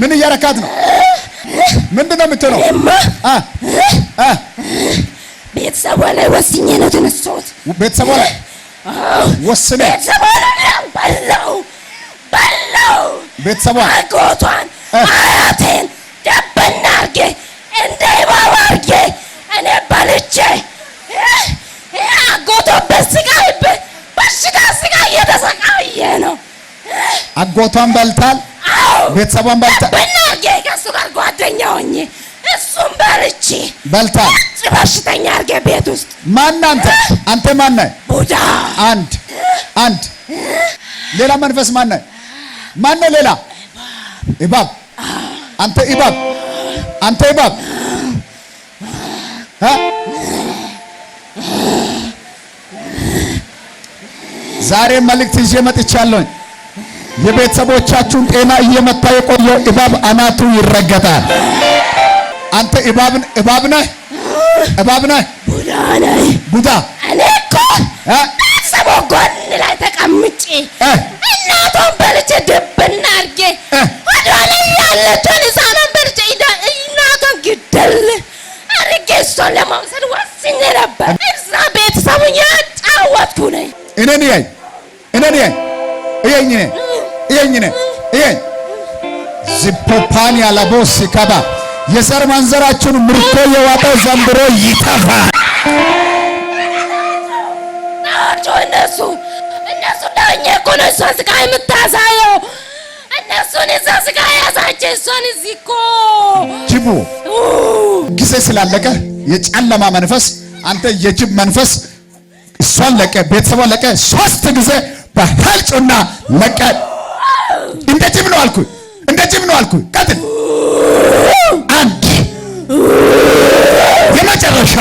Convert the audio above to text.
ምን እያረካት ነው? ምንድን ነው የምትለው? ቤተሰቧ ላይ ወስኜ ነው ተነሳሁት። ቤተሰቧ ላይ ወስኜ ቤተሰቧ በልቼ አጎቶ በስጋ በሽታ ስጋ እየተሰቃየ ነው። አጎቷን በልታል፣ ቤተሰቧን በልታል። በናርጌ ከእሱ ጋር ጓደኛ ሆኜ እሱም በልቼ በልታል። በሽተኛ አድርጌ ቤት ውስጥ ማን አንተ አንተ ማነህ? ቡዳ አንድ አንድ ሌላ መንፈስ ማነ? ማነ ሌላ እባብ አንተ እባብ አንተ እባብ ዛሬ መልእክት ይዤ መጥቻለሁ። የቤተሰቦቻችሁን ጤና እየመታ የቆየው እባብ አናቱ ይረገጣል። አንተ እባብን እባብ ነህ፣ እባብ ነህ፣ ቡዳ ነህ፣ ቡዳ። እኔ እኮ ቤተሰቦ ጎን ላይ ተቀምጬ እናቷን በልቼ ድብና አድርጌ ወደ ላይ ያለችውን ሕፃኗን አድርጌ እሷን ለማምሰል ወስኜ ነበር። እዛ ቤተሰቡን ያጫወትኩ ነኝ። እኔን እያኝ እኔን እያኝ እየኝ ነ እየኝ ነ እየኝ ሲከባ የዘር ማንዘራችሁን ምርኮ የዋጠው ዘንድሮ ይጠፋ። እነሱ እነሱ ዳኛ እኮ ነው እሷን ስጋ የምታሳየው። እነሱን እዛ ስጋ ያዛች እሷን እዚህ እኮ ጅቡ ጊዜ ስላለቀ የጨለማ መንፈስ አንተ የጅብ መንፈስ እሷን ለቀ፣ ቤተሰቧን ለቀ። ሶስት ጊዜ በሀልጮና ለቀ። እንደ ጅብ ነው አልኩ፣ እንደ ጅብ ነው አልኩ። ቀጥል። አንድ የመጨረሻ